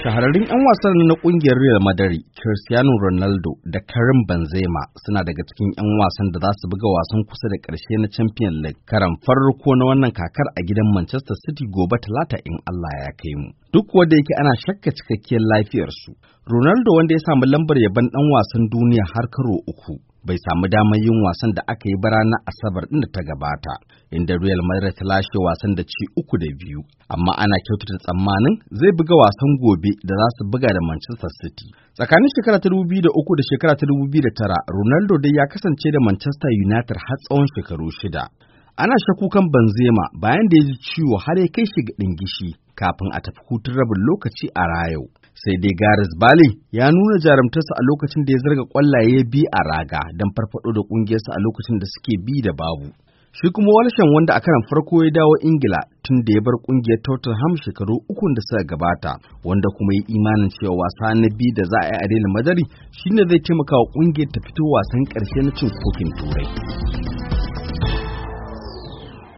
Shahararrun 'yan wasan na kungiyar Real Madrid, Cristiano Ronaldo da Karim Benzema suna daga cikin 'yan wasan da za su buga wasan kusa da ƙarshe na Champions League karan farko na wannan kakar a gidan Manchester City gobe talata in Allah ya kai mu. duk wanda yake ana shakka cikakkiyar lafiyarsu. Ronaldo wanda ya samu lambar yaban ɗan wasan duniya har karo uku bai samu damar yin wasan da aka yi ba ranar Asabar ɗin da ta gabata, inda Real Madrid ta lashe wasan da ci uku da biyu, amma ana kyautata tsammanin zai buga wasan gobe da za su buga da Manchester City. Tsakanin shekara ta biyu da uku da shekara ta biyu da tara, Ronaldo dai ya kasance da Manchester United har tsawon shekaru shida. Ana shaku kan Banzema bayan da ya ji ciwo har ya kai shi ga ɗingishi kafin a tafi hutun rabin lokaci a rayau. Sai dai Garis Bale ya nuna jarumtarsa a lokacin da ya zarga kwallaye bi a raga don farfado da ƙungiyarsa a lokacin da suke bi da babu. Shi kuma Walshan wanda a karan farko ya dawo Ingila tun da ya bar kungiyar Tottenham shekaru uku da suka gabata, wanda kuma yi imanin cewa wasa na biyu da za a yi a Real Madrid shine zai taimaka wa kungiyar ta fito wasan ƙarshe na cin kofin Turai.